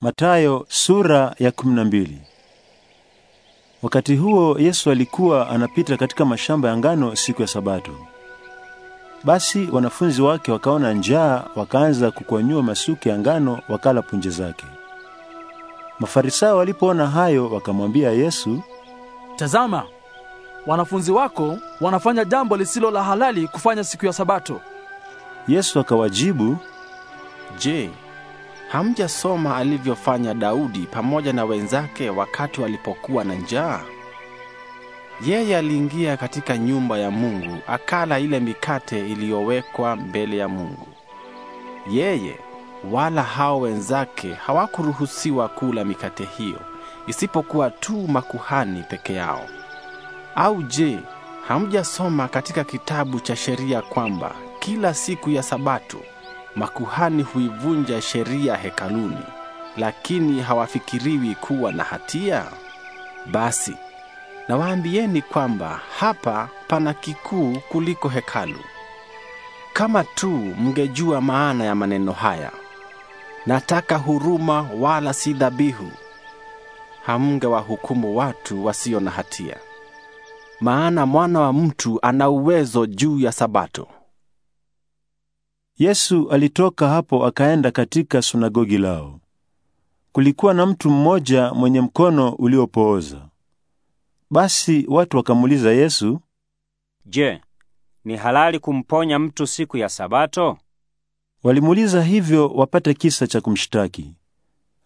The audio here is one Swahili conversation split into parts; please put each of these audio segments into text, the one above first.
Matayo sura ya mbili. Wakati huo Yesu alikuwa anapita katika mashamba ya ngano siku ya Sabato. Basi wanafunzi wake wakaona njaa, wakaanza kukwanyua masuke ya ngano wakala punje zake. Mafarisayo walipoona hayo, wakamwambia Yesu, "Tazama, wanafunzi wako wanafanya jambo lisilo la halali kufanya siku ya Sabato." Yesu akawajibu, "Je, Hamjasoma alivyofanya Daudi pamoja na wenzake wakati walipokuwa na njaa? Yeye aliingia katika nyumba ya Mungu, akala ile mikate iliyowekwa mbele ya Mungu. Yeye wala hao wenzake hawakuruhusiwa kula mikate hiyo, isipokuwa tu makuhani peke yao. Au je, hamjasoma katika kitabu cha sheria kwamba kila siku ya Sabato makuhani huivunja sheria hekaluni, lakini hawafikiriwi kuwa na hatia? Basi nawaambieni kwamba hapa pana kikuu kuliko hekalu. Kama tu mngejua maana ya maneno haya, nataka huruma wala si dhabihu, hamngewahukumu watu wasio na hatia. Maana mwana wa mtu ana uwezo juu ya Sabato. Yesu alitoka hapo akaenda katika sunagogi lao. Kulikuwa na mtu mmoja mwenye mkono uliopooza. Basi watu wakamuuliza Yesu, "Je, ni halali kumponya mtu siku ya Sabato?" Walimuuliza hivyo wapate kisa cha kumshtaki.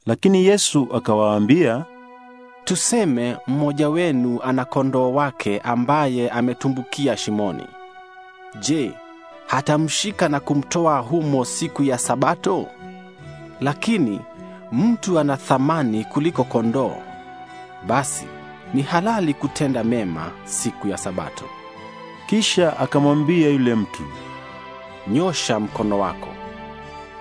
Lakini Yesu akawaambia, "Tuseme mmoja wenu ana kondoo wake ambaye ametumbukia shimoni. Je, hatamshika na kumtoa humo siku ya Sabato? Lakini mtu ana thamani kuliko kondoo. Basi ni halali kutenda mema siku ya Sabato. Kisha akamwambia yule mtu, nyosha mkono wako.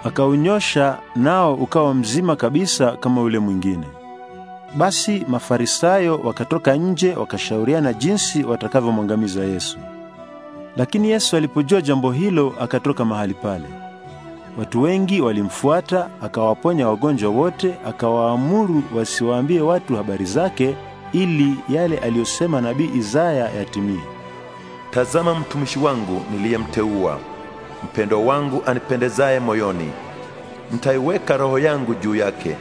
Akaunyosha nao ukawa mzima kabisa kama yule mwingine. Basi Mafarisayo wakatoka nje wakashauriana jinsi watakavyomwangamiza Yesu. Lakini Yesu alipojua jambo hilo akatoka mahali pale. Watu wengi walimfuata, akawaponya wagonjwa wote, akawaamuru wasiwaambie watu habari zake ili yale aliyosema nabii Isaya yatimie. Tazama mtumishi wangu niliyemteua, mpendo wangu anipendezaye moyoni. Nitaiweka roho yangu juu yake,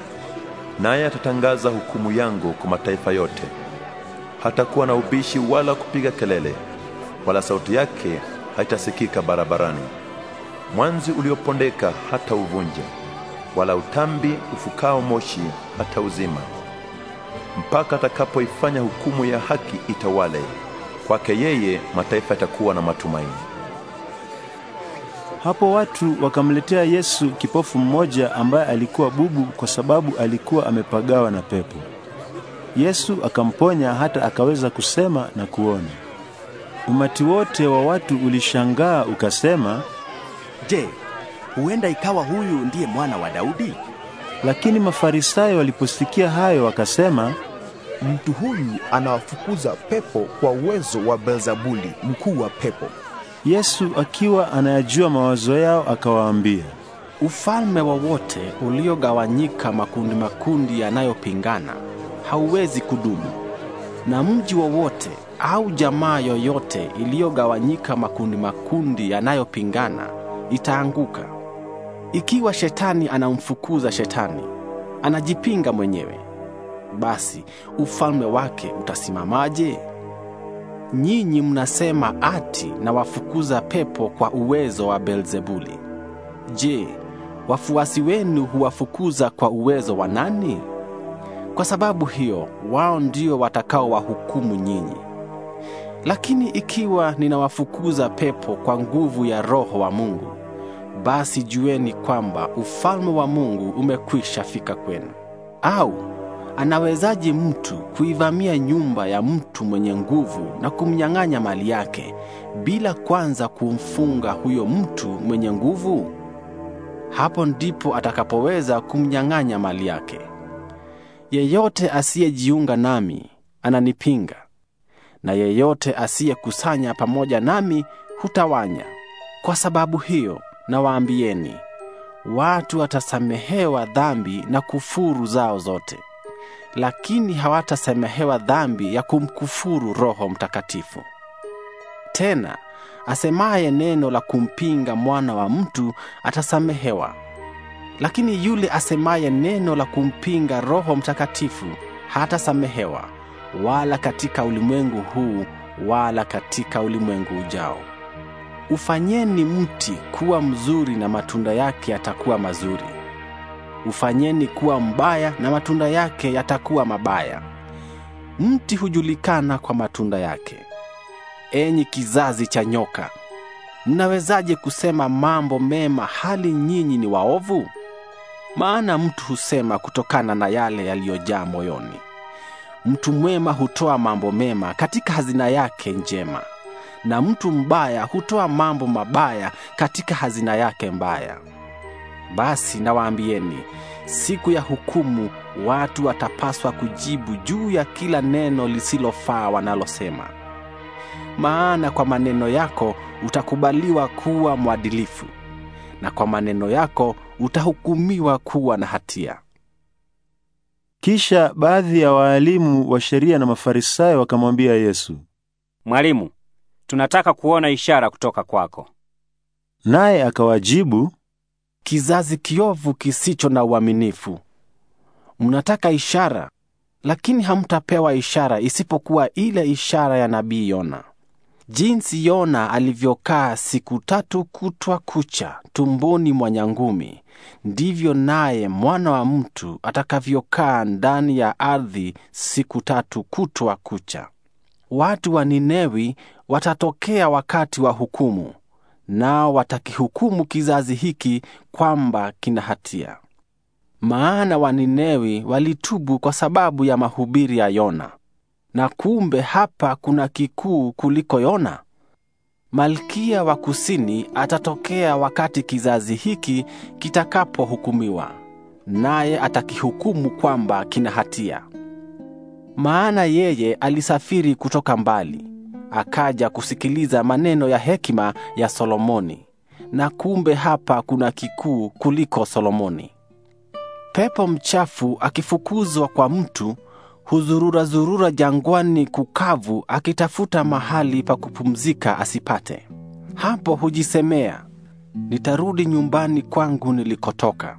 naye atatangaza hukumu yangu kwa mataifa yote. Hatakuwa na ubishi wala kupiga kelele wala sauti yake haitasikika barabarani. Mwanzi uliopondeka hata uvunja, wala utambi ufukao moshi hata uzima, mpaka atakapoifanya hukumu ya haki itawale. Kwake yeye mataifa yatakuwa na matumaini. Hapo watu wakamletea Yesu kipofu mmoja ambaye alikuwa bubu kwa sababu alikuwa amepagawa na pepo. Yesu akamponya hata akaweza kusema na kuona. Umati wote wa watu ulishangaa ukasema, "Je, huenda ikawa huyu ndiye mwana wa Daudi?" Lakini Mafarisayo waliposikia hayo wakasema, mtu huyu anawafukuza pepo kwa uwezo wa Beelzebuli, mkuu wa pepo. Yesu akiwa anayajua mawazo yao akawaambia, ufalme wowote uliogawanyika makundi makundi yanayopingana hauwezi kudumu, na mji wowote au jamaa yoyote iliyogawanyika makundi makundi yanayopingana itaanguka. Ikiwa shetani anamfukuza shetani, anajipinga mwenyewe, basi ufalme wake utasimamaje? Nyinyi mnasema ati nawafukuza pepo kwa uwezo wa Beelzebuli. Je, wafuasi wenu huwafukuza kwa uwezo wa nani? Kwa sababu hiyo wao ndio watakaowahukumu nyinyi. Lakini ikiwa ninawafukuza pepo kwa nguvu ya Roho wa Mungu, basi jueni kwamba ufalme wa Mungu umekwisha fika kwenu. Au anawezaje mtu kuivamia nyumba ya mtu mwenye nguvu na kumnyang'anya mali yake bila kwanza kumfunga huyo mtu mwenye nguvu? Hapo ndipo atakapoweza kumnyang'anya mali yake. Yeyote asiyejiunga nami ananipinga na yeyote asiyekusanya pamoja nami hutawanya. Kwa sababu hiyo, nawaambieni, watu watasamehewa dhambi na kufuru zao zote, lakini hawatasamehewa dhambi ya kumkufuru Roho Mtakatifu. Tena asemaye neno la kumpinga mwana wa mtu atasamehewa, lakini yule asemaye neno la kumpinga Roho Mtakatifu hatasamehewa wala katika ulimwengu huu wala katika ulimwengu ujao. Ufanyeni mti kuwa mzuri na matunda yake yatakuwa mazuri. Ufanyeni kuwa mbaya na matunda yake yatakuwa mabaya. Mti hujulikana kwa matunda yake. Enyi kizazi cha nyoka, mnawezaje kusema mambo mema hali nyinyi ni waovu? Maana mtu husema kutokana na yale yaliyojaa moyoni. Mtu mwema hutoa mambo mema katika hazina yake njema, na mtu mbaya hutoa mambo mabaya katika hazina yake mbaya. Basi nawaambieni, siku ya hukumu watu watapaswa kujibu juu ya kila neno lisilofaa wanalosema. Maana kwa maneno yako utakubaliwa kuwa mwadilifu, na kwa maneno yako utahukumiwa kuwa na hatia. Kisha baadhi ya waalimu wa sheria na Mafarisayo wakamwambia Yesu, Mwalimu, tunataka kuona ishara kutoka kwako. Naye akawajibu, kizazi kiovu kisicho na uaminifu. Mnataka ishara, lakini hamtapewa ishara isipokuwa ile ishara ya nabii Yona jinsi Yona alivyokaa siku tatu kutwa kucha tumboni mwa nyangumi, ndivyo naye mwana wa mtu atakavyokaa ndani ya ardhi siku tatu kutwa kucha. Watu wa Ninewi watatokea wakati wa hukumu, nao watakihukumu kizazi hiki kwamba kina hatia, maana Waninewi walitubu kwa sababu ya mahubiri ya Yona na kumbe hapa kuna kikuu kuliko Yona. Malkia wa kusini atatokea wakati kizazi hiki kitakapohukumiwa, naye atakihukumu kwamba kina hatia, maana yeye alisafiri kutoka mbali akaja kusikiliza maneno ya hekima ya Solomoni, na kumbe hapa kuna kikuu kuliko Solomoni. Pepo mchafu akifukuzwa kwa mtu huzurura zurura jangwani kukavu akitafuta mahali pa kupumzika asipate. Hapo hujisemea, nitarudi nyumbani kwangu nilikotoka.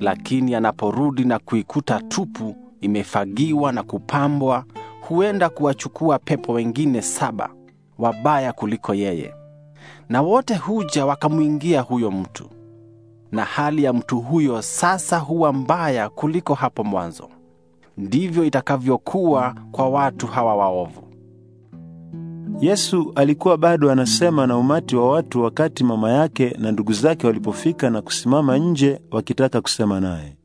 Lakini anaporudi na kuikuta tupu, imefagiwa na kupambwa, huenda kuwachukua pepo wengine saba wabaya kuliko yeye, na wote huja wakamwingia huyo mtu, na hali ya mtu huyo sasa huwa mbaya kuliko hapo mwanzo ndivyo itakavyokuwa kwa watu hawa waovu. Yesu alikuwa bado anasema na umati wa watu wakati mama yake na ndugu zake walipofika na kusimama nje wakitaka kusema naye.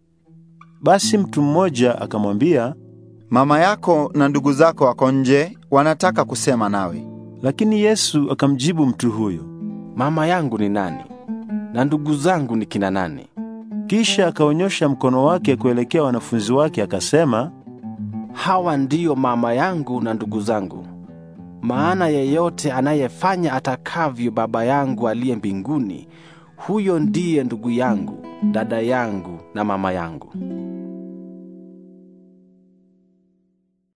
Basi mtu mmoja akamwambia, mama yako na ndugu zako wako nje, wanataka kusema nawe. Lakini Yesu akamjibu mtu huyo, mama yangu ni nani na ndugu zangu ni kina nani? Kisha akaonyosha mkono wake kuelekea wanafunzi wake akasema, hawa ndiyo mama yangu na ndugu zangu, maana yeyote anayefanya atakavyo Baba yangu aliye mbinguni, huyo ndiye ndugu yangu, dada yangu na mama yangu.